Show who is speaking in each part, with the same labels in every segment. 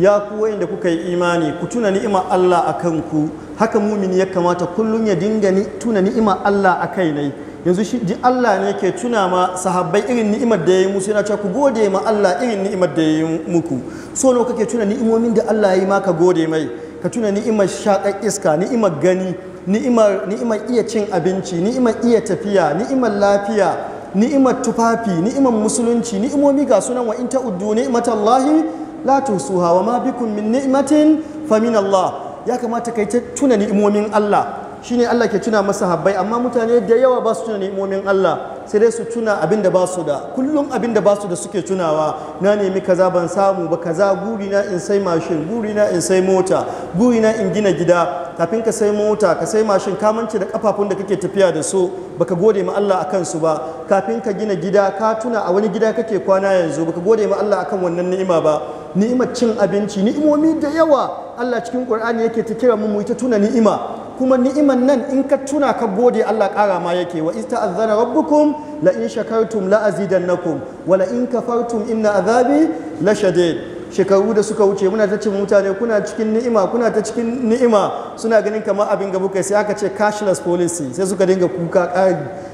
Speaker 1: ya ku wayanda kuka yi imani ku tuna ni'imar Allah a kanku haka mumini ya kamata kullum ya dinga tuna ni'imar Allah a kai ne yanzu shi ji Allah ne ke tuna ma sahabbai irin ni'imar da ya yi musu yana cewa ku gode ma Allah irin ni'imar da ya yi muku so nawa kake tuna ni'imomin da Allah ya yi maka gode mai ka tuna ni'imar shaƙar iska ni'imar gani ni'imar iya cin abinci ni'imar iya tafiya ni'imar lafiya ni'imar tufafi ni'imar musulunci ni'imomi ga sunan wa in ta'uddu ni'matallahi la su wa ma bikum min ni'matin fa min Allah ya kamata kai ta tuna ni'imomin Allah shine Allah ke tuna masa habbai amma mutane da yawa ba su tuna ni'imomin Allah sai dai su tuna abin da ba su da kullum abin da ba su da suke tunawa na nemi kaza ban samu ba kaza guri na in sai mashin guri na in sai mota guri na in gina gida kafin ka sai mota ka sai mashin ka mance da kafafun da kake tafiya da su baka gode ma Allah akan su ba kafin ka gina gida ka tuna a wani gida kake kwana yanzu baka gode ma Allah akan wannan ni'ima ba ni'imar cin abinci ni'imomi da yawa Allah cikin Qur'ani yake ta kira mu mu ta tuna ni'ima kuma ni'iman nan in ka tuna ka gode Allah ƙara ma yake wa ista azana rabbukum la in shakartum la azidannakum wa la in kafartum inna azabi la shadid shekaru da suka wuce muna ta cin mutane kuna cikin ni'ima kuna ta cikin ni'ima suna ganin kamar abin gabu kai sai aka ce cashless policy sai suka dinga kuka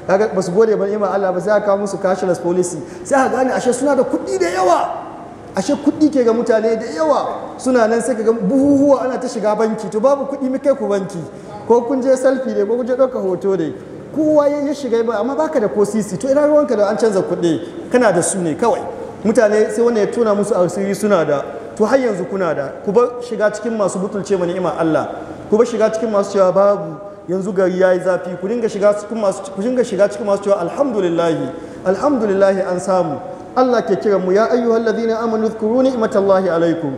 Speaker 1: ƙari ba su gode ba ni'ima Allah ba sai aka kawo musu cashless policy sai aka gane ashe suna da kuɗi da yawa ashe kuɗi ke ga mutane da yawa suna nan sai ga buhuhuwa ana ta shiga banki to babu kuɗi mu kai ku banki ko kun je selfie ne ko kun je ɗauka hoto ne kowa ya shiga ba amma baka da ko sisi to ina ruwanka da an canza kuɗi kana da su ne kawai mutane sai wanda ya tona musu asiri suna da to har yanzu kuna da ku bar shiga cikin masu butulce ma ni'imar Allah ku bar shiga cikin masu cewa babu yanzu gari ya yi zafi ku dinga shiga cikin masu ku dinga shiga cikin masu cewa alhamdulillah alhamdulillah an samu Allah ke kiran mu ya ayyuhal ladhina amanu dhkuru ni'matallahi alaikum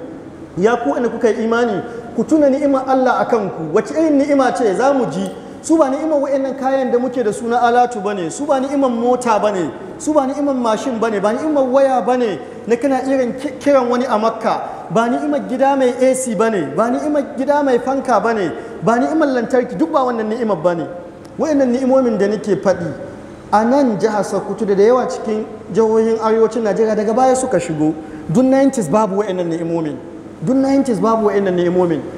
Speaker 1: ya ku inda kuka yi imani ku tuna ni'imar Allah akan ku wace irin ni'ima ce za mu ji su ba ni'imar wa'annan kayan da muke da suna alatu bane su ba ni'iman mota bane su ba ni'iman mashin bane ba ni'iman waya bane na kana irin kiran wani a makka ba ni'imar gida mai ac bane ba ni'imar gida mai fanka bane ba ni'imar lantarki duk ba wannan ni'imar bane wa'annan ni'imomin da nake faɗi a nan jihar sokoto da da yawa cikin jihohin arewacin najeriya daga baya suka shigo dun 90s babu wa'annan ni'imomin dun 90s babu wa'annan